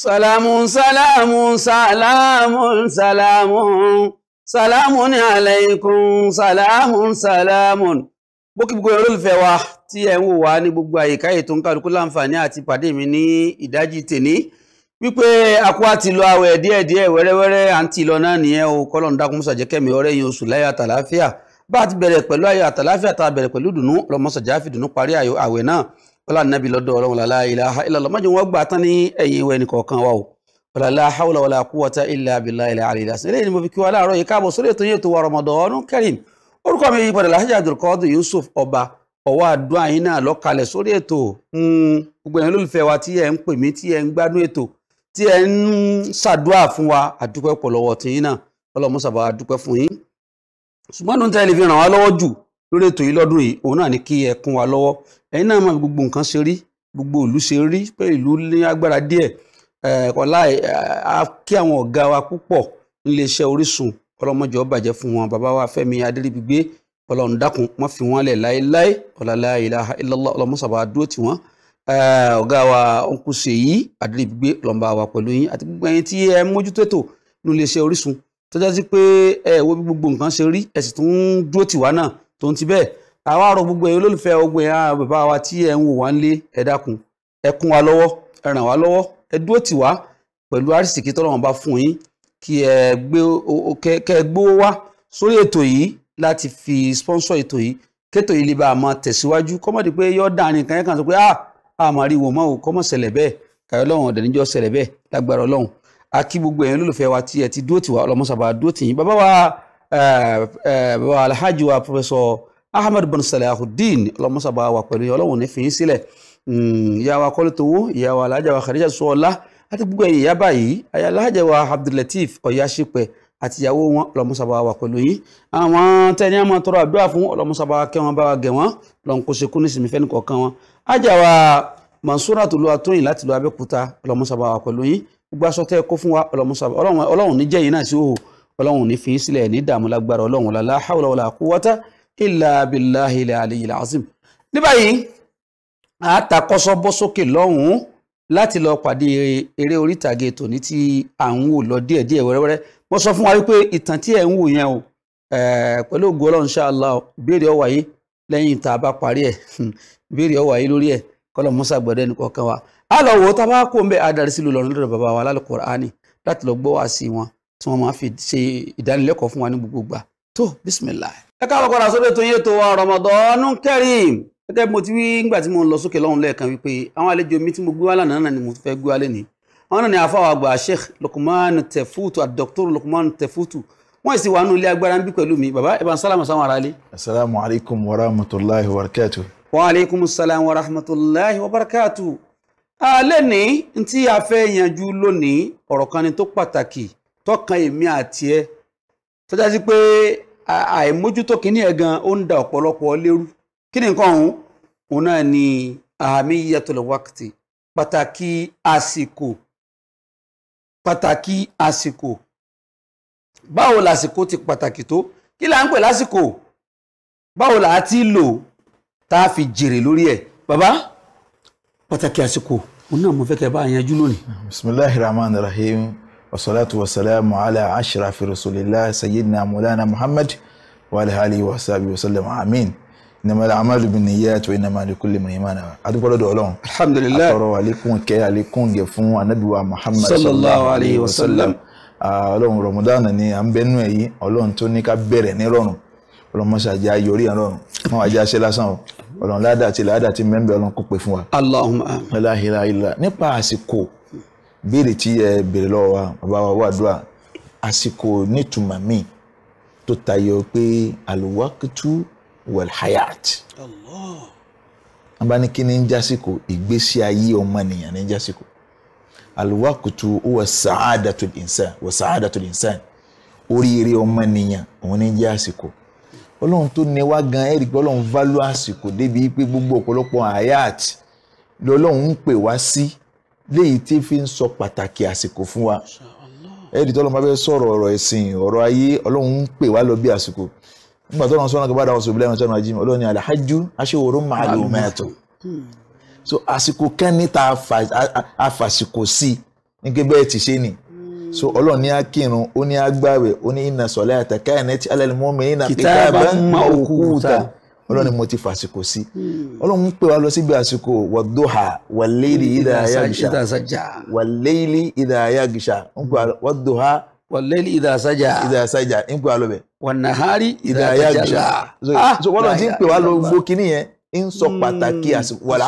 salamun salamun salamun salamun salamun alaykum salamun salamun bókìbókò olólùfẹ́ wa tí ẹ ń wò wá ní gbogbo àyíká ètò ń kálukú láǹfààní àti pàdé mi ní ìdájí tèní wípé akó àti lọ àwẹ̀ díẹ̀díẹ̀ wẹ́rẹ́wẹ́rẹ́ à ń ti lọ náà nìyẹn o kọ́lọ́n dákúnmọ́sà jẹ́ kẹ́mi ọ̀rẹ́ yín oṣù láyé àtàláfíà bá a ti bẹ̀rẹ̀ pẹ̀lú ayọ̀ àtàláfíà tá a bẹ̀rẹ̀ pẹ̀lú dùnú lọ́mọ́sà jáfì dùnú parí àwẹ̀ náà ọlá nàbí lọ́dọ̀ ọlọ́run la ilaha illallah mọ́jú wọn gbà tán ní ẹ̀yìn ìwẹ̀ nìkọ̀ọ̀kan wa o la hawla wala quwwata illa billahi al-ali al-azim eléyìí ni mo fi kí wa láàárọ̀ yìí káàbọ̀ sórí ètò yìí tó wa Ramadan Kareem orúkọ mi yìí padà Alhaji Abdulqadir Yusuf ọba ọwọ́ àdúrà yín náà lọ́kalẹ̀ sórí ètò hmm, gbogbo ẹ̀yin olólùfẹ́ wa tí ẹ̀ ń pè mí lórí ètò yìí lọ́dún yìí òun náà ni kí ẹ kún wa lọ́wọ́ ẹ̀yin náà mọ̀ gbogbo nǹkan ṣe rí gbogbo ìlú ṣe rí pé ìlú ní agbára díẹ̀ ọ̀la kí àwọn ọ̀gá wa púpọ̀ níléeṣẹ́ Orísun ọlọ́mọjọ bàjẹ́ fún wọn bàbá wa Fẹ́mi Adéríbigbé ọlọ́run dákun wọ́n fi wọ́n lẹ̀ láéláé ọ̀làlá ilaha illallah ọlọ́mọsàbà dúró tì wọ́n ọ̀gá wa òǹkù Ṣèyí Adéríbigbé ọlọ́mọba wa pẹ̀lú tó ń ti bẹ́ẹ̀ àwa rọ gbogbo ẹ̀yin olólùfẹ́ ogun ẹ̀yà bàbá wa tí ẹ̀ ń wò wá ń lé ẹ dákun wa lọ́wọ́ ẹ ràn wá lọ́wọ́ ẹ dúró tì wá pẹ̀lú àrísìkí tọ́lọ́run bá fún yín kí ẹ gbé kẹ ẹ gbówó wá sórí ètò yìí láti fi sponsor ètò yìí kétò yìí lè bá a máa tẹ̀síwájú kọ́mọ̀dé pé yọ dàrin kan yẹn kan sọ pé ah àmọ́ rí wọ́n mọ́ o kọ́mọ̀ ṣẹlẹ̀ bẹ́ẹ̀ kàyọ́ lọ́wọ́n ọ̀dẹ̀ níjọ́ bẹ́ẹ̀ lágbára ọlọ́run a gbogbo ẹ̀yin olólùfẹ́ wa tí ẹ ti dúró tì wá ọlọ́mọ́sàbà dúró tì yín bàbá wa Eh, eh, alhaji wa professor ahmed bin salahuddin ọlọmọsàbà wa pẹ̀lú ọlọ́run ní fi í sílẹ̀ hmm, ìyá wa kọ́lẹ́tọ̀wó ìyá wa alhaji wa khadija sọ́ọ́lá àti gbogbo ẹ̀yìn ìyá báyìí alhaji wa abdulateef ọ̀yáṣípẹ̀ àtìyàwó wọn ọlọmọsàbà wa pẹ̀lú yín àwọn tẹni àmọ́ tọrọ àdúrà fún ọlọmọsàbà kẹwọn bá wa gẹ̀ wọ́n lọ́n kó sekú nísìmí fẹ́ni kọ̀ọ̀kan wọn ajá wa mansoura tó lo atóyìn láti lo abẹ́kúta ọlọmọsàbà wa pẹ̀lú yín gbogbo aṣọ tẹ́ kó fún wa ọlọmọsàbà ọlọ́run níjẹ́ yìí náà sí òhò ọlọ́run ní fi sílẹ̀ ní dààmú lágbára ọlọ́run la hawla wala quwwata illa billahi al-aliyyil azim. ní báyìí àtàkọ́sọ́ bọ́ sókè lọ́hùn-ún láti lọ pàdé eré orí ìtàgé tòní tí à ń wò lọ díẹ̀díẹ̀ wẹ́rẹ́wẹ́rẹ́ wọ́n sọ fún wa wípé ìtàn tí ẹ̀ ń wò yẹn o eh, pẹ̀lú ògo ọlọ́run insha Allah ìbéèrè ó wáyé lẹ́yìn tá bá parí ẹ̀ ìbéèrè ó wáyé lórí ẹ̀ kọ́lọ̀ musa gbọ́dọ̀ ẹnì kọ̀ọ̀kan wa. a lọ wo tá a bá kó ń bẹ adarí sílùú lọ́rùn lọ́dọ̀ bàbá wa lálùkùránì láti lọ gbọ́ wá sí wọn tí wọ́n máa fi ṣe ìdánilẹ́kọ̀ọ́ fún wa ní gbogbo gbà tó bismillah. ẹ káàbọ̀ padà sórí ètò yẹn tó wa Ramadan Kareem gẹ́gẹ́ bí mo ti wí nígbà tí mo ń lọ sókè lọ́hùn lẹ́ẹ̀kan wípé àwọn àlejò mi tí mo gbé wá lánàá náà ni mo fẹ́ gbé wá lẹ́ni àwọn náà ni àfáà àgbà Sheikh Lukman Tefutu àdọ́kítọ́r Lukman Tefutu wọ́n sì wà nù ilé agbára ń bí pẹ̀lú mi bàbá ẹ̀ bá ń sálàmù sáwọn ará ilé. asalaamu alaykum wa rahmatulahi wa barakatu. wa aleykum salaam wa rahmatulahi wa barakatu. alẹ́ ní ntí a yanjú lónìí ọ̀rọ̀ kan ni tó pàtàkì tọkàn èmi àti ẹ tọ́já sí pé àìmójútó kínní ẹ̀ gan ó ń da ọ̀pọ̀lọpọ̀ lérú kí ni nǹkan ọ̀hún òun náà ni ahamiyatul waqti pàtàkì àsìkò pàtàkì àsìkò báwo làsìkò ti pàtàkì tó kí là ń pè lásìkò báwo là á ti lò tá a fi jèrè lórí ẹ̀ bàbá pàtàkì àsìkò òun náà mo fẹ́ kẹ́ bá yanjú lónìí. bismillahir rahmanir rahim. وصلاة والسلام على أشرف رسول الله سيدنا مولانا محمد وعلى آله وصحبه وسلم آمين إنما الأعمال بالنيات وإنما لكل من إيمان أدوك ولد الحمد لله أترى عليكم كي عليكم جفون النبي محمد صلى الله عليه وسلم Ọlọ́run Ramadan ni à ń bẹnu ẹ yìí Ọlọ́run tó ní ká bẹ̀rẹ̀ ní rọ̀rùn Ọlọ́run mọṣá jẹ ayọrí ẹ rọ̀rùn fún wa jẹ aṣẹ lásán o Ọlọ́run ládàá ti ládàá ti mẹmbẹ Ọlọ́run kó pè fún wa. Allahumma. ilaha illa nípa àsìkò béèrè tí ẹ béèrè lọ́wọ́ wa bàbá wa wàdúrà àsìkò nítumọ̀ mi tó tayọ pé alwakitu walhayat. abánikí ni ń jásìkò ìgbésí ayé ọmọnìyàn ni ń jásìkò alwakitu wa sa'adatul insan wa sa'adatul insan oríire ọmọnìyàn òun ni ń jẹ́ àsìkò ọlọ́run tó ní wá gan ẹ̀rí pé ọlọ́run value àsìkò débi pé gbogbo ọ̀pọ̀lọpọ̀ hayat lọ́lọ́run ń pè wá sí. Si léyìí tí fi ń sọ pàtàkì àsìkò fún wa ẹ̀ẹ́dì tọ́lọ́mọ bá fẹ́ sọ̀rọ̀ ọ̀rọ̀ ẹ̀sìn ọ̀rọ̀ ayé ọlọ́run ń pè wá lọ bí àsìkò nígbà tó lọ́n sọ́nà kí bá dáhùn sọ̀bílẹ̀ ẹ̀rọ sọ́nà ajímọ̀ ọlọ́run ni alhajju aṣèwòrò máa lò mẹ́tọ̀ so àsìkò kẹ́ni tá a fàsìkò sí ní kí bẹ́ẹ̀ ti ṣe ni so ọlọ́run ní á kírun ó ní á gbàwẹ̀ ó ní inna salata kanat alal mu'minina kitaban mawquta ọlọ́run ni hmm. mo ti fàsìkò sí hmm. ọlọ́run ń pè wá lọ síbi àsìkò wàdóhà wàléèlì hmm. ìdá ayágisà wàléèlì ìdá ayágisà wàdóhà wàléèlì ìdá asájà ìdá asájà ń pè wá lọ bẹ̀. wànàhárì ìdá ayágisà so wọ́n ah, lọ ti ń pè wá lọ gbó kínní yẹn ń sọ pàtàkì àsìkò wàlá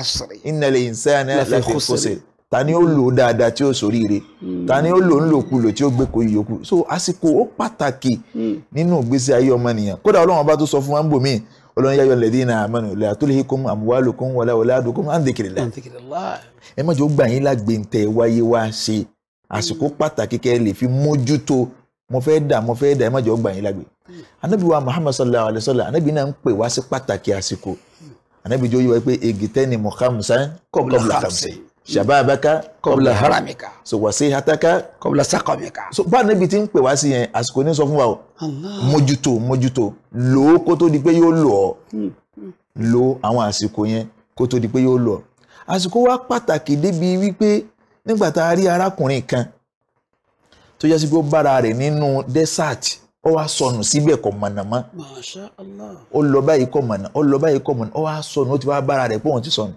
àsìrì ìnàlẹ̀ ìnsẹ́ni láfi kọ́sẹ̀ ta ni ó lò ó dáadáa tí ó ṣoríire hmm. ta ni ó lò ó tí ó gbé ko ìyókù so asiko ó pàtàkì hmm. nínú ìgbésí ayé ọmọnìyàn kódà ọlọ́run ọba tó sọ fún wa ń bò míì ọlọ́run yáyọ lẹ́dí náà àmọ́nù la tulhikum amwalukum wala auladukum an dhikrillah ẹ má jẹ́ ó gbà yín lágbe ń tẹ wáyé wá ṣe àsìkò hmm. pàtàkì kẹ́ ẹ lè fi mójútó mo fẹ́ dà mo fẹ́ dà ẹ má jẹ́ ó gbà yín lágbe anabi wa muhammad sallallahu alayhi wa sallam anabi náà ń pè wá sí pàtàkì àsìkò anabi jẹ́ ó shababaka kọbla haramika so wasihataka kọbla sakamika. so bá níbi tí ń pè wá sí yẹn àsìkò ní sọ fún wa o mójútó mójútó lo ó kó tó di pé yóò lò ọ hmm, hmm. lo àwọn àsìkò yẹn kó tó di pé yóò lò ọ àsìkò wa pàtàkì débi wípé nígbà tá a rí arákùnrin kan tó yẹ sí pé ó bára rẹ̀ nínú desert ó wá sọnù síbẹ̀ kò mọ̀nà ó lọ báyìí kò mọ̀nà ó lọ báyìí kò mọ̀nà ó wá sọnù ó ti wá bára rẹ̀ pé òun ti sọnù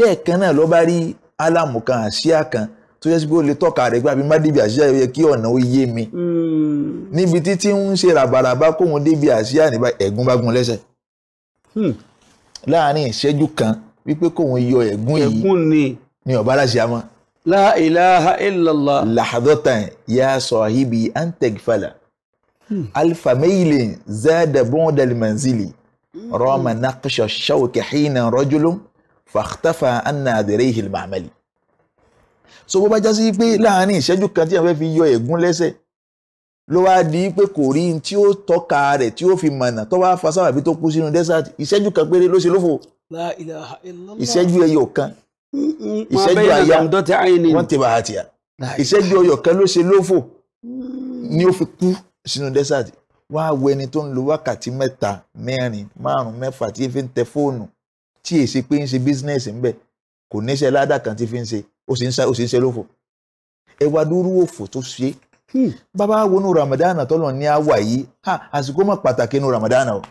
lẹ́ẹ̀kan náà ló bá rí álàmù kan àṣìá kan tó yẹ sí pé ó lè tọ́ka rẹ̀ gbàbí má débi àṣìá yẹ kí ọ̀nà ó yé mi. Hmm. níbi títí ń ṣe ràbàràbà kóhun débi àṣìá nígbà ẹ̀gún bá gun lẹ́sẹ̀. Hmm. láàárín ìṣẹ́jú kan wípé kóhun yọ ẹ̀gún yìí ni ọ̀bá aláṣìá mọ́. la ilaha illallah. làhàdọ́tà ya sahibi antẹ́gfàlà. Hmm. alfa mailin zada bọ́ndàlì manzili. rọ́ọ̀mà naqṣa shawki hina rajulun. فاختفى anna àdèrè المعملي. màmẹ́lì so bó bá já sí pé láàárín ìṣẹ́jú kan tí a fẹ́ fi yọ ègún lẹ́sẹ̀ ló wá di pé kò rí n tí ó tọ́ka rẹ̀ tí ó fi mọ̀nà tó wá fa sábàbí tó kú sínú dẹ́sàtì ìṣẹ́jú kan péré ló ṣe lófo ìṣẹ́jú ẹyọ kan ìṣẹ́jú àyà wọ́n ti bá a tìyà ìṣẹ́jú ọyọ̀ kan ló ṣe lófò mm. ni ó fi kú sínú dẹ́sàtì wá wo ẹni tó ń lo wákàtí mẹ́ta mẹ́rin márùn-ún mẹ́fà tí efi ń tẹ fóònù tí èsì pé ń ṣe bísínẹ́sì ń bẹ̀ kò níṣẹ́ ládà kan tí fi ń ṣe ó sì ń ṣe ó sì ń ṣe lófò ẹ wá dúró òfò tó ṣe hmm. bàbá wo nu ramadana tọ́lọ̀ ní àwà yìí ha àsìkò mọ̀ pàtàkì nu ramadana o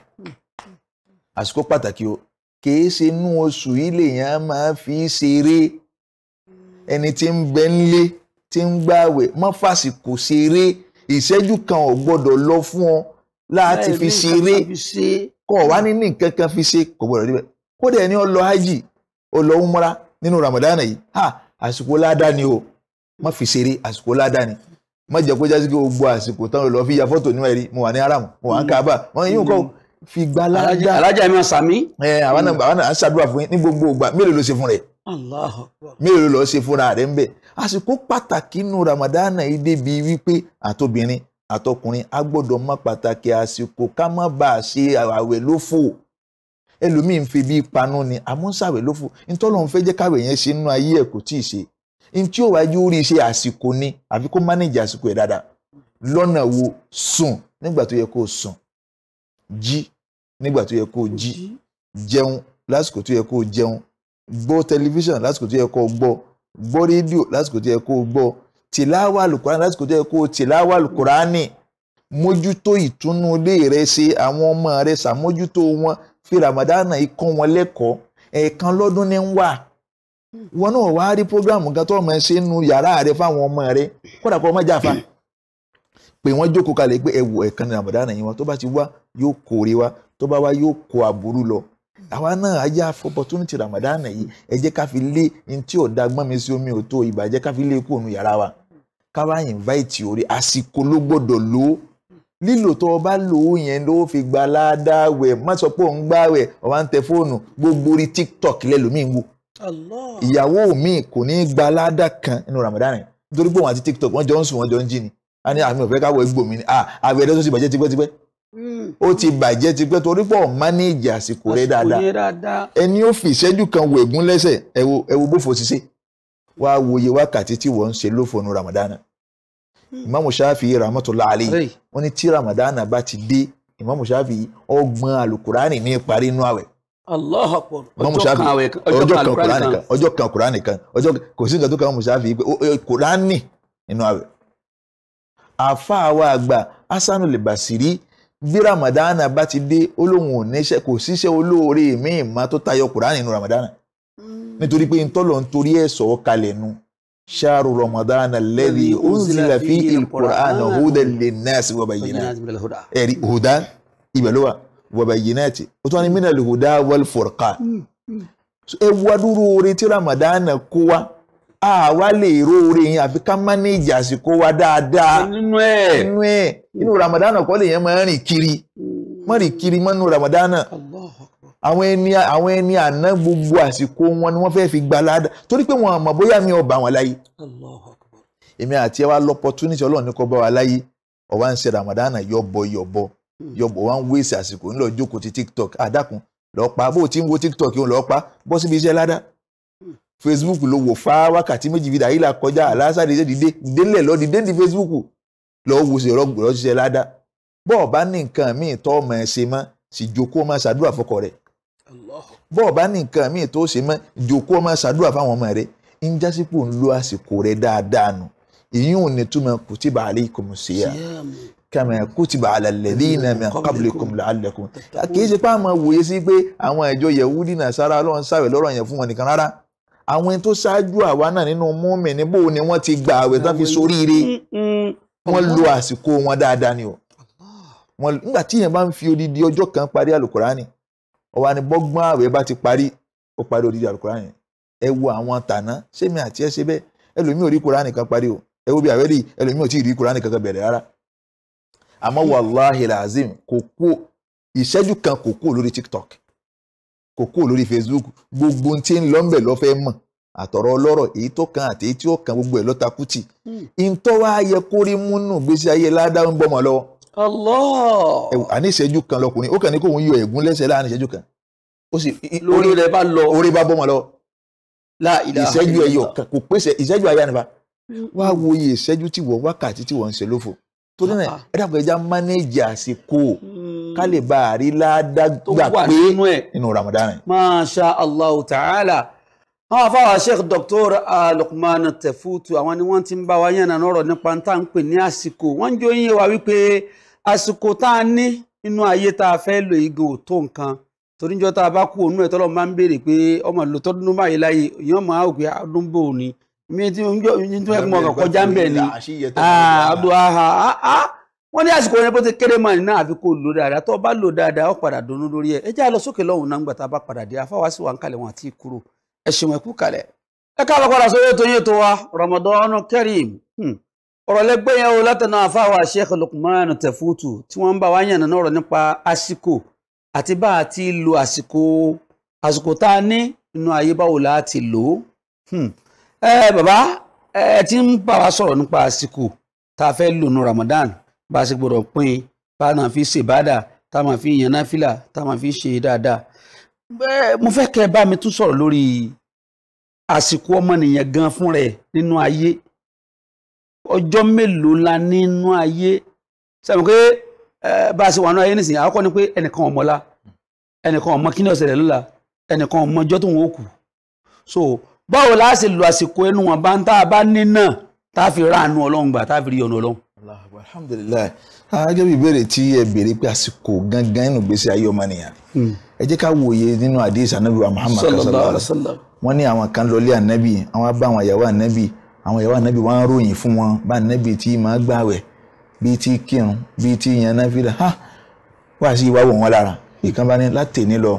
àsìkò pàtàkì o kìí ṣe inú oṣù yìí lèèyàn máa fi ṣeré ẹni tí ń bẹ ńlé tí ń gbààwẹ̀ má fàsìkò ṣeré ìṣẹ́jú kan ò gbọ́dọ̀ lọ fún ọ láti fi ṣeré kọ̀ wá ní nǹkan kan fi ṣe kò gbọ́dọ̀ rí kódà ẹni ó lọ hajj ó umra nínú Ramadan yìí ha àsìkò ládàá ni o má fi ṣeré àsìkò ládàá ni má jẹ́ kó jásí kí o gbọ́ àsìkò táwọn olùlọ́ fi ya fọ́tò ní ẹ̀rí mo wà ní aram mo wà ní kaaba wọn yìí kọ́ fi gba alájà alájà mi sàmí. ẹ àwọn náà àwọn náà ṣàdúrà fún yín ní gbogbo ìgbà mélòó ló ṣe fún rẹ mélòó ló ṣe fúnra rẹ ń bẹ àsìkò pàtàkì nù ramadana yìí débi wípé àtobìnrin àtọkùnrin a gbọ́dọ̀ pàtàkì àsìkò ká má bàa ṣe àwẹ̀ lófò ẹlòmíì ń fi bí panu ni àmúṣàwẹ̀ ló fún un tọ́lọ́ ń fẹ́ jẹ́ káwẹ̀ yẹn ṣe nínú ayé ẹ̀ kò tí ì ṣe n tí ó wájú rí iṣẹ́ àsìkò ni àfi kó mánéjì àsìkò ẹ̀ dáadáa lọ́nà wo sùn nígbà tó yẹ kó sùn jí nígbà tó yẹ kó jí jẹun lásìkò tó yẹ kó jẹun gbọ́ tẹlifíṣàn lásìkò tó yẹ kó gbọ́ gbọ́ rédíò lásìkò tó yẹ kó gbọ́ tìláwà àlùkùránì lásìkò tó yẹ kó tìláwà àlùkùránì fi ramadana yìí kọ́ wọn lẹ́kọ̀ọ́ ẹ̀ẹ̀kan lọ́dún ní ń wà wọn náà wá rí programu kan tó ọmọ ṣe nu yàrá rẹ fáwọn ọmọ rẹ kódà kó ọmọ jàfa pé wọ́n jókòó kalẹ̀ pé ẹ̀wù ẹ̀ẹ̀kan ní ramadana yìí wọn tó bá ti wá yóò kórè wa tó bá wá yóò kó aburú lọ àwa náà ajá opportunity ramadana yìí ẹ jẹ́ ká fi lé ní tí ò da gbọ́n mi sí omi ò tó ìbàjẹ́ ká fi lé e kúrò nu yàrá wa ká wá invite orí àsìkò ló gbọ́dọ̀ lóò lílò tó o bá lò ó yẹn ló fi gba ládàá wẹ̀ má sọ pé òun gbá wẹ̀ ọba ń tẹ fóònù gbogbo orí tiktok lẹ́lòmíì ń wò ìyàwó mi kò ní gba ládàá kan nínú ramadan yẹn nítorí pé òun àti tiktok wọ́n jọ ń sùn wọ́n jọ ń jí ni a ní àmì ah, òfẹ́ káwọ́ ẹgbò mi ni ah, àwẹ̀ ẹ̀dọ́ tó ti bàjẹ́ tipẹ́tipẹ́ hmm. ó ti bàjẹ́ tipẹ́ torí pé òun mánéèjì àsìkò rẹ̀ dáadáa ẹni ó fi ìṣẹ́jú kan wẹ̀gún lẹ́sẹ̀ ẹ wo bófo ṣiṣẹ́ wàá wòye wákàtí tí wọ́n ń ṣe lófo nu ramadan yẹn Imamu ṣáfì rahmatullah alayhi wọ́n ní tí ramadana bá ti dé ìmáàmù ṣáfì ọgbọ̀n alukurani ní parí inú àwẹ̀. allah akbar ọjọ́ kan àwẹ̀ ọjọ́ kan alukurani kan ọjọ́ kan alukurani kan ọjọ́ kò sí nǹkan imamu shafi mọ̀ ṣáfì pé kurani inú àwẹ̀. àfa àwa àgbà hasanu lè basiri bí ramadana bá ti dé olóhùn ò níṣẹ́ kò síṣẹ́ olóore míì má tó tayọ kurani inú ramadana hmm. nítorí pé ntọ́lọ̀ nítorí ẹ̀ sọ̀ọ́ kalẹ̀ nu شهر رمضان الذي أنزل فيه القرآن هدى للناس وبينات يعني هدى يبلوا وبينات وتواني من الهدى والفرقان ewu adúrú oore tí Ramadan kó wa àwa lè ro oore yẹn àfi ká mánéèjì àsìkò wa dáadáa nínú ẹ nínú ẹ inú Ramadan kọ́ lèyàn máa rìn kiri máa rìn kiri mọ́nú Ramadan àwọn ẹni àwọn ẹni àná gbogbo àsìkò wọn ni wọ́n fẹ́ẹ́ fi gba ládà torí pé wọn àmọ́ bóyá mi ò bá wọn láyé èmi àti ẹ wá lọ́pọ̀túnìtì ọlọ́run ní kó bá wa láyé ọ̀wá ń ṣe Ramadan yọ̀bọ yọ̀bọ hmm. yọ̀bọ wá ń wéṣẹ̀ àsìkò ńlọ jókòó ti TikTok àdàkùn lọ́pàá bó ti ń wo TikTok òun lọ́pàá bọ́ síbi iṣẹ́ ládà hmm. Facebook ló wò fá wákàtí méjì fi dàrí là kọjá àlásà dìde dìde dìdélẹ̀ lọ dìde di Facebook lọ́ wo ṣe rọ́gbọ̀n lọ́ ṣiṣẹ́ ládà bọ́ọ̀ bá ní nǹkan míì tọ́ ọmọ ẹ̀ ṣe mọ́ sì jókòó máa ṣàdúrà fọkọ rẹ̀ bọ́ọ̀ bá ní nǹkan míì tó ṣe mọ́ jòkó ọmọ ṣàdúrà fáwọn ọmọ rẹ ń jásípò ń lo àsìkò rẹ dáadáa nù èyí ò ní túmọ̀ kutiba alaykum siyam kama kutiba ala alladhina min qablikum la'allakum kì í ṣe pé àwọn wòye sí pé àwọn ìjọ yẹ̀wúdí nàṣàrà ọlọ́run sáwẹ̀ lọ́rọ̀ yẹn fún wọn nìkan rárá àwọn tó ṣáájú àwa náà nínú mọ́mì níbo ni wọ́n ti gba àwẹ̀ tán fi soríire wọ́n lo àsìkò wọn dáadáa ni o nígbà tí yẹn bá ń fi odidi ọjọ́ kan parí alukurani ọwọ́ ni bọ́gbọ́n àwẹ̀ bá ti parí ó parí odidi àlùkùránì ẹ wo àwọn tàná sẹ́mi àti ẹ ṣe bẹ́ẹ̀ ẹlòmíì ò rí kùránì kan parí o ẹ wo bí àwẹ̀ rí ẹlòmíì ò tí ì rí kùránì kankan bẹ̀rẹ̀ rárá àmọ́ wàláhì làzim kò kú ìṣẹ́jú kan kò kú lórí tiktok kò kú lórí facebook gbogbo tí ń lọ ń bẹ̀ lọ́ fẹ́ mọ̀ àtọ̀rọ̀ ọlọ́rọ̀ èyí tó kan àti èyí tí ó kan gbogbo ẹ̀ lọ́ta kùtì ìtọ́wá hmm. ayẹ kórìmúnú gbèsè ayé ládàá ń bọ́mọ lọ́wọ́ Allah. àní ìṣẹ́jú kan lọkùnrin ó kàn ní kó òun yọ ẹ̀gún lẹ́sẹ̀ láàrin ìṣẹ́jú kan ó sì lórí rẹ̀ bá lọ orí bá bọ́mọ lọ ìṣẹ́jú ẹ̀yọ kan kò pèsè ìṣẹ́jú àyà nípa wá wo iye ìṣẹ́jú tí wọ́n wákàtí tí wọ́n ń ṣe lófo torí náà ah, ah. ẹ dàgbà ẹja mánéjì àsìkò hmm. ká lè bá a rí ládàgbà pé nínú Ramadan. Masha Allah ta'ala àwọn afáwà sheikh dr ah, Luqman Tefutu àwọn ni wọ́n ti ń bá wa yànnà ọ̀rọ̀ nípa tá ń pè ní àsìkò wọ́n ń jóyìn wa wípé àsìkò tá a ní nínú ayé tá a fẹ́ lò igun ò tó nǹkan toríjọ́ tá a bá kú òun ẹ̀tọ́ lọ́mọ máa ń béèrè pé ọmọ lò tọ́dún ní báyìí láyé èèyàn máa wò pé ọdún bò ní mi tí mo ń tó ẹ̀kọ́ ọkọ̀ kọjá ń bẹ̀ ni ah, ah, wọ́n ní àsìkò yẹn bó ti kéré máa nínú àfi lò dáadáa tó o bá lò dáadáa ó padà dùnnú lórí ẹ̀ ẹ já lọ sókè lọ́hùn náà ń tá a bá padà dé afáwá sì wà ń kalẹ̀ wọn àti kúrò ẹ̀ṣìn ẹ̀kú kalẹ̀ ẹ káàbọ̀ padà sórí ètò yìí tó wa Ramadan Kareem hmm. ọ̀rọ̀ lẹ́gbẹ́ yẹn o látẹnu àfáwà Sheikh Lukman Tefutu tí wọ́n ń bá wa yànnà náà ọ̀rọ̀ nípa àsìkò àti bá a ti lo àsìkò àsìkò tá a ní nínú ayé báwo la ti lò ó hmm. ẹ bàbá ẹ ti ń bá wa sọ̀rọ̀ nípa àsìkò tá a fẹ́ lò ní Ramadan bá a ṣe gbọ́dọ̀ pín in bá a náà fi ṣèbádà tá a máa fi yànnà fìlà tá a máa fi ṣe dáadáa mo fẹ́ kẹ́ ẹ bá mi tún sọ̀rọ̀ lórí àsìkò ọmọnìyàn gan fún rẹ̀ nínú ayé ọjọ́ mélòó la nínú ayé sẹ́mi pé bá a ṣe wà nínú ayé nísìnyí àkọ́kọ́ ni pé ẹnìkan ọmọlá ẹnìkan ọmọ kí ni ọ̀sẹ̀ rẹ̀ lọ́la ẹnìkan ọmọ ọjọ́ tó ń wò kù so báwo la ṣe lo àsìkò ẹnu wọn bá ń tá a bá ní náà tá a fi ráàánú ọlọ́run gbà tá a fi rí ọ̀nà ọlọ́run. alhamdulilayi ah, gẹ́gẹ́ bí ìbéèrè tí ẹ béèrè pé àsìkò gangan nínú ìgbésí ayé ọmọnìyàn hmm ẹ jẹ́ ká wòye nínú àdéhìsì anabi wa muhammad sallallahu alaihi wa sallam wọ́n ní àwọn kan lọlé anabi àwọn bá àwọn ìyàwó anabi àwọn ìyàwó anabi wọ́n ròyìn fún wọn bá anabi tí máa gbààwẹ̀ bíi ti kírun bíi ti yan náfìlà ha wá sí ìwà wò wọn lára ìkan bá ní láti ní lọ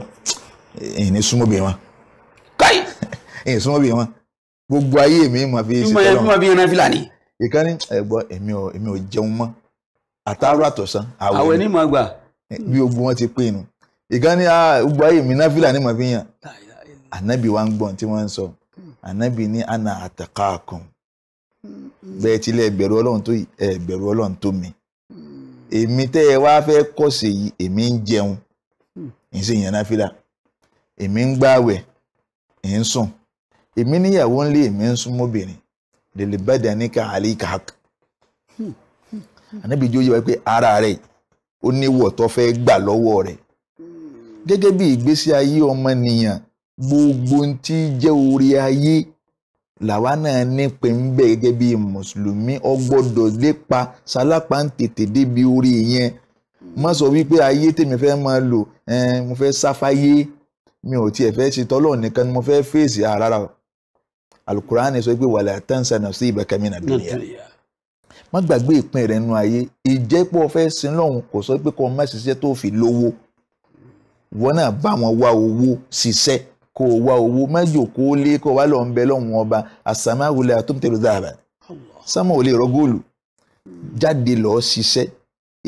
ìní súnmọ́bì wọn káyì ìní súnmọ́bì wọn gbogbo ayé mi máa fi ṣe tọ́lọ́ máa fi yan náfìlà ni. ìkan ní ẹ̀gbọ́ èmi ò èmi ò jẹun mọ́ àtàárọ̀ àtọ̀sán àwẹ̀ ni màá bí gbogbo wọn ti pín in ìkan ní ah, gbogbo ayé mi náfìlà ni yàn wa ń gbọ́n tí wọ́n sọ ataka hmm. ní àna àtàkàkùn hmm. bẹ́ẹ̀ tí mi hmm. èmi tẹ ẹ wá fẹ́ kọ́sẹ̀ yìí èmi ń jẹun ìṣe ìyàn náfìlà èmi ń gbààwẹ̀ ń sùn èmi níyàwó èmi ń sún lèlè ní ara ó níwọ̀ tó fẹ́ gbà gẹ́gẹ́ bí ìgbésí ayé ọmọnìyàn gbogbo tí jẹ́ orí ayé làwa náà nípìn ń bẹ gẹ́gẹ́ bí mùsùlùmí ó gbọ́dọ̀ lépa sálápá ń tètè débi orí yẹn má sọ wípé ayé tèmi fẹ́ máa lò mo fẹ́ sáfáyé mi ò tiẹ̀ fẹ́ ṣe tọ́lọ̀ nìkan mo fẹ́ fèsì àràrà alukurani sọ pé wàlẹ̀ àtàǹsà náà sí ìbẹ̀kẹ́ mi náà dúnìyà má gbàgbé ìpín rẹ̀ nínú ayé ìjẹ́pọ̀ fẹ́ sin lọ́hùn kò sọ pé kò má ṣiṣẹ́ tó fi lówó wọn náà bá wọn wá owó ṣiṣẹ́ kó o wá owó má jòkó lé kó o wá lọ ń bẹ lọ́hùn ọba àsàmáwulẹ̀ àtúntẹ̀lù dáàbà sámà rọ góòlù jáde lọ ṣiṣẹ́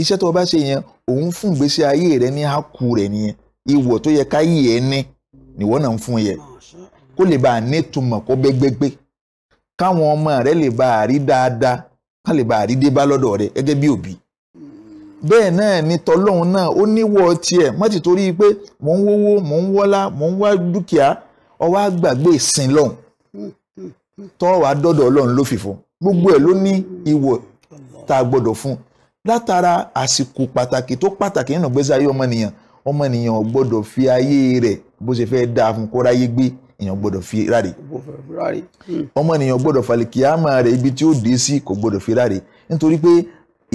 iṣẹ́ tó o bá ṣe yẹn òun fún ìgbésí ayé rẹ ní àkú rẹ nìyẹn ìwọ̀ tó yẹ ẹ ní nìwọ náà ń fún yẹ kó lè bá a ní kó bẹ́gbẹ́gbẹ́ káwọn ká lè bẹ́ẹ̀ náà ni tọ́lọ́hún náà ó níwọ̀ tiẹ̀ má ti torí pé mò ń wówó mò ń wọ́lá mò ń wá dúkìá ọwọ́ àgbàgbé ìsìn lọ́hùn tọ́wọ́ àdọ́dọ̀ ọlọ́run ló gbogbo ẹ̀ ló ní ìwọ̀ tá a gbọ́dọ̀ fún látara àsìkò pàtàkì tó pàtàkì nínú gbèsè ayé ọmọnìyàn ọmọnìyàn gbọ́dọ̀ fi ayé rẹ̀ bó ṣe fẹ́ dáa fún gbé èèyàn gbọ́dọ̀ fi ráre ọmọnìyàn gbọ́dọ̀ ibi tí ó dé sí kò gbọ́dọ̀ fi ráre nítorí pé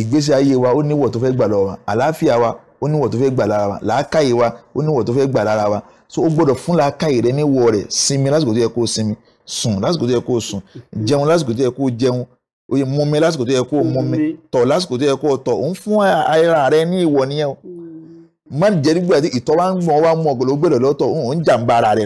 ìgbésí ayé wa ó níwọ̀ tó fẹ́ gbà lọ́wọ́ wa àlàáfíà wa ó níwọ̀ tó fẹ́ gbà lára wa làákàyè wa ó níwọ̀ tó fẹ́ gbà lára wa so ó gbọ́dọ̀ fún làákàyè rẹ níwọ̀ rẹ̀ sinmi lásìkò tó yẹ kó sinmi sùn lásìkò tó yẹ kó sùn jẹun lásìkò tó yẹ kó jẹun oye mumi lásìkò tó yẹ kó mumi tọ̀ lásìkò tó yẹ kó tọ̀ òun fún ara rẹ ní ìwọ̀ nìyẹn o má jẹ́ nígbà tí ìtọ̀ wa ń gbọ̀n wa mú ọ̀gọ̀lọ́ gbẹ̀dọ̀ lọ́tọ̀ òun ò ń jàǹbá ara rẹ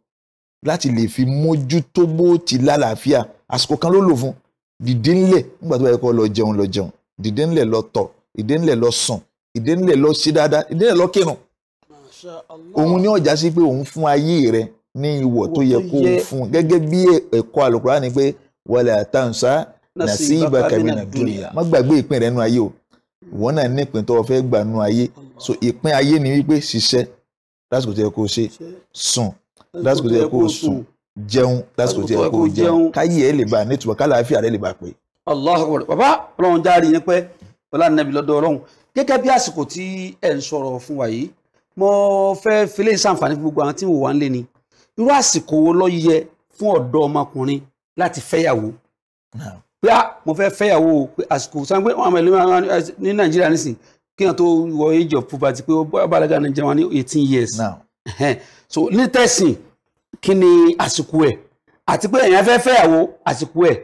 láti lè fi mójútó bó ti lálàáfíà àsìkò kan ló lò fún dìde ńlẹ̀ nígbà tó bá yẹ kó lọ jẹun lọ jẹun dìde ńlẹ̀ lọ tọ̀ dìde ńlẹ̀ lọ sùn dìde ńlẹ̀ lọ ṣe dáadáa dìde ńlẹ̀ lọ kírun òun ni ọjà sí pé òun fún ayé rẹ ní ìwọ̀ tó yẹ kó fún gẹ́gẹ́ bí ẹ̀kọ́ àlùkùránì pé wala tansa nasibaka mina dunya má gbàgbé ìpín rẹ nú ayé o wọn náà ní ìpín tó o fẹ́ gbà nú ayé so ìpín ayé ni wípé ṣiṣẹ́ lásìkò tó yẹ kó ṣe sùn lásìkò tó yẹ kó o sùn jẹun lásìkò tó yẹ kó o jẹun káyé ẹ lè bá a nítumọ̀ kálàáfíà rẹ lè bá a pé. Allahu Akbar bàbá ọlọ́run járe yín pẹ́ ọlànàbí lọ́dọ̀ ọlọ́run gẹ́gẹ́ bí àsìkò tí ẹ̀ ń sọ̀rọ̀ fún wa yìí mo fẹ́ filé ìsànfàní fún gbogbo àwọn tí wò wá ń lé ni irú àsìkò wo ló yẹ fún ọ̀dọ́ ọmọkùnrin láti fẹ́yàwó pé ah mo fẹ́ fẹ́yàwó àsìkò sanwó pé àwọn ẹlẹ́wọ̀n eh, ní Nàìjíríà nísìnyí kí wọ́n tó wọ age of puberty pé ó bá alága Nàìjíríà wọn ní eighteen years. Now so nítẹ̀sìn kí ni àsìkò ẹ̀ àti pé èèyàn fẹ́ fẹ́yàwó àsìkò ẹ̀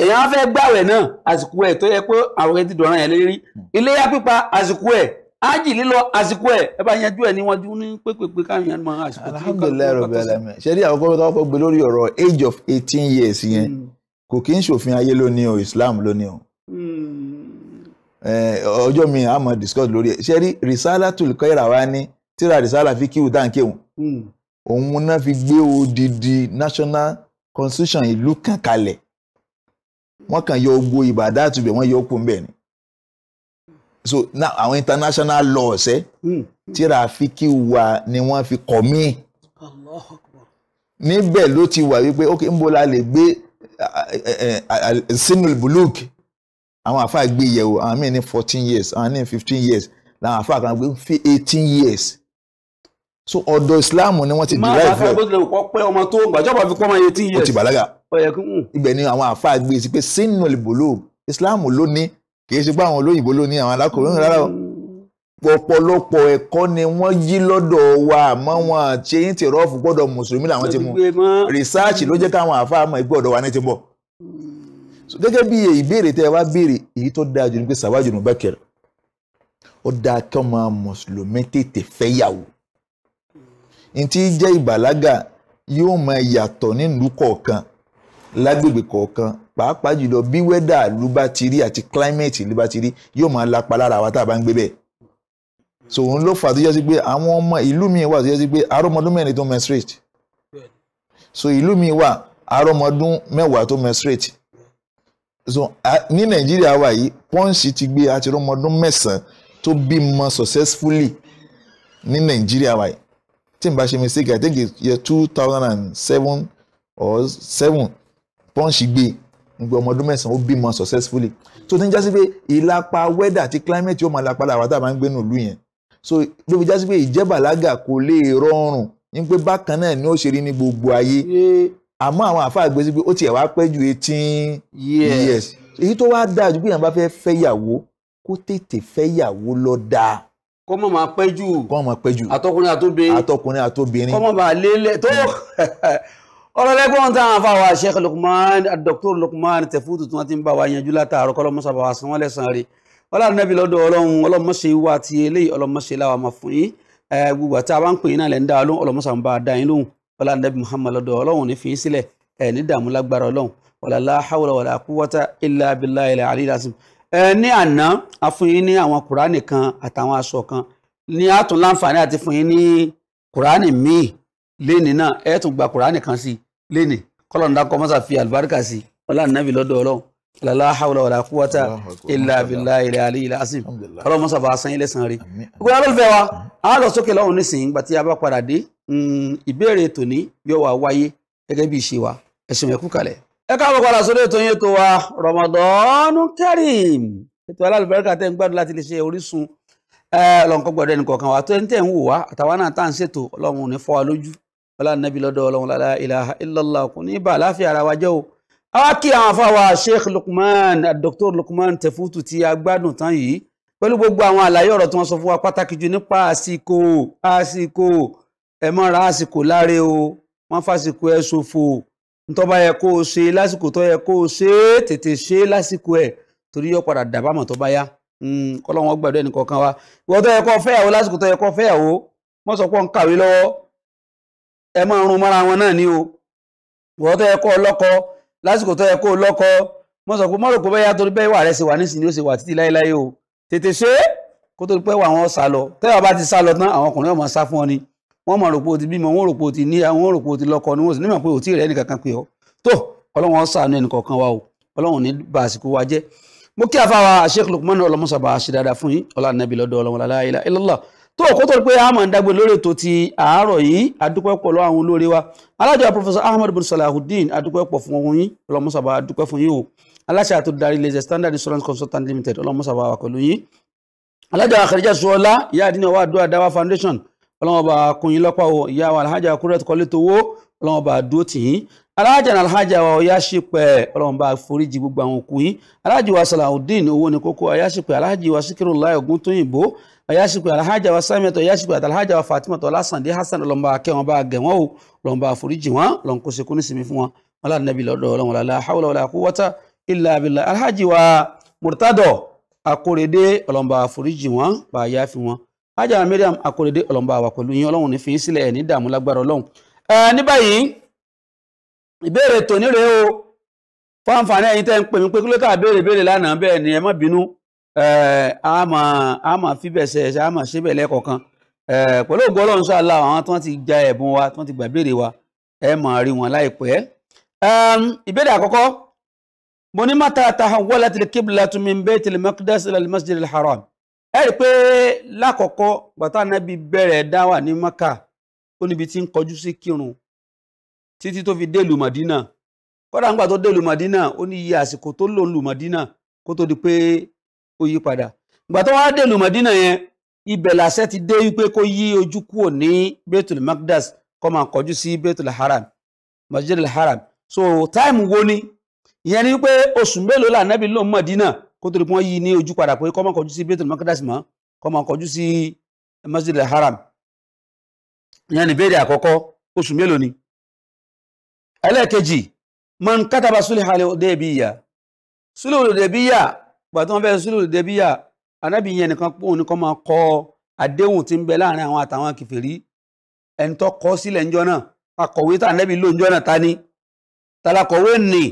èèyàn fẹ́ gbàwẹ̀ náà àsìkò ẹ̀ tó yẹ pé àwọn ẹtì dọ̀ràn yẹn lérí iléyà pípa àsìkò ẹ̀ ájì lílọ àsìkò ẹ̀ ẹ bá yanjú ẹ̀ níwájú ní pépèpé káwọn yẹn mọ àsìkò tó alhamdulilayi rabbil alamin ṣe rí àkókò tó kọ́kọ́ gbé lórí ọ̀rọ̀ age of eighteen years yẹn hmm. kò kí ń ṣòfin ayé lónìí o Islam lónìí o hmm. ọjọ́ mi àmọ́ discuss lórí ẹ̀ ṣe rí risalatul kaira wa ní tíra risala fi kí udan kéwòn òun náà fi gbé odidi national constitution ìlú kan kalẹ̀ wọ́n kàn yọ gbogbo ìbàdàn àtúbẹ̀ wọ́n yọ kó mbẹ̀ ni so now àwọn international laws ẹ hmm. tíra fi kí wa ni wọ́n fi kọ́ mí níbẹ̀ ló ti wà wípé ok ń bọ́ la lè gbé sínú buluk àwọn àfa gbé yẹ̀wò àwọn míì ní fourteen years àwọn míì ní fifteen years làwọn àfa kan gbé fi eighteen years so ọ̀dọ̀ islam ni wọ́n ti derive rẹ̀. máa bá gbọ́dọ̀ kọ́ pé ọmọ tó gbàjọba fi pọ́ ọmọ yẹn tí yẹ. o ti bàlágà ibẹ̀ ni àwọn àáfàá gbé e sí pé sínú ìbòlò islam ló ní kì í ṣe pé àwọn olóyìnbó ló ní àwọn alákòóró rárá o. ọ̀pọ̀lọpọ̀ ẹ̀kọ́ ni wọ́n yí lọ́dọ̀ wa àmọ́ wọn ṣe ń tẹ̀rọ ọ̀fù gbọ́dọ̀ mùsùlùmí làwọn ti mú research ló jẹ́ káwọn àáfàá mọ̀ ìgbọ́dọ̀ wa ní ti bọ̀. gẹ́gẹ́ bí ìbéèrè tẹ́ ẹ wá béèrè èyí tó dáa jù ni pé sàwájú nù bẹ́kẹ̀rẹ̀ ó dáa kí ọmọ mùsùlùmí tètè fẹ́ yàwó ntí jẹ́ ìbàlágà yóò máa yàtọ̀ nílùú kọ̀ọ̀kan lágbègbè kọ̀ọ̀kan pàápàá jùlọ bí wẹ́dà ló bá ti rí àti climate ló bá ti rí yóò máa lapa lára àwa tá a bá ń gbé bẹ́ẹ̀ so òun ló fà tó jẹ́ sí pé àwọn ọmọ ìlú mi wà tó jẹ́ sí pé arọ́mọdún mẹ́rin tó menstruate so ìlú mi wà arọ́mọdún mẹ́wàá tó menstruate so ní nàìjíríà wà yìí pọ́ǹsì ti gbé àti arọ́mọdún mẹ́sàn-án tó bímọ successfully ní nàìjíríà wà yìí tí n bá ṣe mistake i think it's year two thousand and seven or seven punch gbé gbogbo ọmọ ọdún mẹ́sàn-án ó bímọ successfully so ní jásí pé ìlapa weather àti climate yóò máa lapa làwọn tá a máa ń gbé nù yẹn so ló fi jásí pé ìjẹ́bàlágà kò lè rọrùn ní pé bákan náà ni ó ṣe rí ní gbogbo ayé àmọ́ àwọn àfáà gbé sí pé ó tiẹ̀ wá pẹ́ ju eighteen years èyí tó wá dáa ju bí yàn bá fẹ́ fẹ́ yàwó kó tètè fẹ́ yàwó lọ dáa kó mọ̀ máa pẹ́ jù kó mọ̀ pẹ́ jù àtọkùnrin àtobìnrin àtọkùnrin àtobìnrin kó mọ̀ bá lélẹ̀ tó ọlọ́lẹ́gbọ́n tá àwọn afáwà Sheikh Lukman Dr. Lukman Tefutu tí wọ́n ti ń bá wa yanjú látàárọ̀ kọ́lọ́mọ́sá bá wa san wọ́n lẹ́sàn-án rí wọ́n láti nẹ́bi lọ́dọ̀ ọlọ́run ọlọ́mọ́ṣe wa ti eléyìí ọlọ́mọ́ṣe láwa máa fún yín gbogbo àti àwọn pè yín náà lẹ́ ń dá lóhùn ọlọ́mọ́ṣà ń bá a dá yín lóhùn wọ́n láti nẹ́bi Muhammad lọ́dọ̀ ọlọ́run ní fi yín sílẹ̀ ẹ̀ ní dààmú lágbára ọlọ́run wala la hawla wala quwwata illa billahi al-ali al ẹ ní àná a fún yín ní àwọn kùránì kan àtàwọn aṣọ kan ní a tún láǹfààní àti fún yín ní kùránì míì léni náà ẹ tún gba kùránì kan sí léni kọlọ̀ ńdá kọ́ mọ́sá fi àlùbáríkà sí ọlá nàbì lọ́dọ̀ ọlọ́run lálá hàwùlà wàlà kúwàtà ilà abilà ilẹ̀ alẹ́ ilẹ̀ asim ọlọ́run mọ́sá bá san ilẹ̀ san rí. gbogbo alólùfẹ́ wa a lọ sókè lọ́hùn nísìnyí gbàtí a bá padà dé mm, ìbéèrè tòní yóò wá wáyé gẹ́gẹ́ bí ìṣe wa ẹ̀sùn ẹ̀kú kalẹ̀ ẹ káàbọ̀ padà sórí ètò yín tó wa Ramadan Kareem ètò alálùbáríkà tẹ́ ń gbádùn láti lè ṣe Orísun ọlọ́nkọ́ gbọ́dọ̀ ẹnì kọ̀ọ̀kan wa tó ẹni tẹ́ ń wò wá àtàwọn náà tá à ń ṣètò ọlọ́run ní fọ́ wa lójú ọlọ́run nẹ́bí lọ́dọ̀ ọlọ́run lálá ilaha illallah kò ní bá láfíà ara wa jẹ́ o. àwa kí àwọn afáwa Sheikh Lukman Dr. Lukman Tefutu ti agbádùn tán yìí pẹ̀lú gbogbo àwọn àlàyé ọ̀rọ̀ tí wọ́n sọ fún wa pàtàkì jù nípa àsìkò àsìkò ẹ̀mọ́ra àsìkò láre o wọ́n fàsìkò ẹ̀ ṣòfò ntọ́ba yẹ kó o ṣe lásìkò tó yẹ kó o ṣe é tètè ṣe é lásìkò ẹ̀ torí yóò padà dàbámọ̀ tó bá yá hmm, kọ́lọ́wọ́n gbàdúrà ẹnì kọ̀ọ̀kan wa ìwọ tó yẹ kó fẹ́yàwó lásìkò tó yẹ kó fẹ́yàwó wọ́n sọ pé ń kàwé lọ́wọ́ ẹ máa rún mọ́ra wọn náà ni o ìwọ tó yẹ kó lọ́kọ lásìkò tó yẹ kó lọ́kọ wọ́n sọ pé mọ́rò pé bẹ́yà torí bẹ́ẹ̀ wà rẹ̀ ṣe wà nísìnyí ó ṣe wà títí láéláé o tètè ṣe kó tó pẹ́ wà wọn sá lọ tẹ́wà bá ti sá lọ tán àwọn ọkùnrin ọmọ sá fún ọ ni wọ́n mọ̀ rò pé o ti bímọ wọ́n rò pé o ti níyàwó wọ́n rò pé o ti lọ́kọ ni wọ́n sì nímọ̀ pé o ti rẹ̀ ẹnìkankan pé ọ́ tó ọlọ́run ọ̀sà ní wa o ọlọ́run ní bá àsìkò wa jẹ́ mo kí afáwa Sheikh Lukman ọlọmọsàbà ṣe dáadáa fún yín ọlá nàbí lọ́dọ̀ ọlọ́run la ilaha illallah tó kó tó pé a máa ń dágbé lórí ètò ti àárọ̀ yìí adúpẹ́ pọ̀ lọ́wọ́ àwọn olóore wa alájọ Professor Ahmed bin Salahuddin adúpẹ́ pọ̀ fún wọn yín ọlọmọsàbà adúpẹ́ fún yín o aláṣẹ àti olùdarí ilé Standard Insurance Consultant Limited ọlọmọsàbà wà pẹ̀lú yín alájọ àkàrẹ́jà sọ́ọ́lá ìyá àdínà wà àdúrà dáwà foundation ọlọ́wọ́n bá kunyin lọ́pọ̀ o ìyá wa alhaja kúrẹ́t kọ́lé tó wó ọlọ́wọ́n bá dúró tì yín alhaja ní alhaja wa ọ̀yáṣípẹ̀ ọlọ́wọ́n bá foríjì gbogbo àwọn òkú yín alhaji wa salahudeen owó ní kókó ọ̀yáṣípẹ̀ alhaji wa sikirullah ogun tó yìnbó ọ̀yáṣípẹ̀ alhaja wa samiato ọ̀yáṣípẹ̀ alhaja wa fatima tó lásàndé hasan ọlọ́wọ́n bá kẹ́ wọn bá gẹ̀ wọ́n o ọlọ́wọ́n bá foríjì wọn ọlọ́wọ́n kó sekú nísìmí la hawla wa murtado akórèdé ọlọ́wọ́n bá foríjì wọn bá ajá Mariam Akorede ọlọ́mọba wa pẹ̀lú yín ọlọ́run ní fi sílẹ̀ ẹ̀ ní dààmú lágbára ọlọ́run ẹ ní báyìí ìbéèrè tòní rèé o fáǹfààní ẹ̀yin tẹ́ ń pè mí pé kílókà béèrè béèrè lánàá bẹ́ẹ̀ ni ẹ má bínú a máa fi bẹ̀sẹ̀ ẹ̀ṣẹ̀ a máa ṣe bẹ̀ lẹ́kọ̀ọ̀kan pẹ̀lú ògo ọlọ́run ṣáàlà àwọn tí wọ́n ti gba ẹ̀bùn wa tí wọ́n ti gbà béèrè wa ẹ máa rí wọn láìpẹ́ ìbéèrè àkọ́kọ́ mo ní mata tahawwalatil qiblatu min baytil maqdis ila al haram ẹ rí i pé lákọ̀ọ́kọ́ bàtà nẹ́bí bẹ̀rẹ̀ dáwà ní maka ó níbi tí ń kọjú sí kírun títí tó fi délùú Madina kódà ńgbà tó délùú Madina ó ní iye àsìkò tó lò lù Madina kó tó di pé ó yí padà ìgbà tó wá délùú Madina yẹn ibẹ̀ làṣẹ ti dé wípé kó yí ojú kúrò ní Baitul Maqdas kó máa kọjú sí Baitul Haram Masjid haram so time wo ni ìyẹn ni wípé oṣù mélòó là nẹ́bí lò Madina kó tó di pọ́n yí ní ojú padà pé kọ́mọ kọjú sí Baitul Maqdis mọ́ kọ́mọ kọjú sí Masjid al ìyẹn ní ìbéèrè àkọ́kọ́ oṣù mélòó ni ẹlẹ́ẹ̀kejì man kátàbà sulh al-Hudaybiyah sulh al-Hudaybiyah pàtó wọn fẹ́ sulh al-Hudaybiyah anábì yẹn nìkan pé òun kọ́ máa kọ àdéhùn tí ń bẹ láàrin àwọn àtàwọn kìfèrí ẹni tó sílẹ̀ ńjọ́ náà akọ̀wé tà anábì ló ńjọ́ náà ta tàlàkọ̀wé nì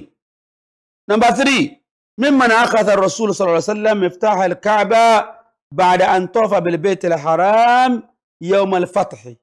nọmba three ممن أخذ الرسول صلى الله عليه وسلم مفتاح الكعبة بعد أن طاف بالبيت الحرام يوم الفتح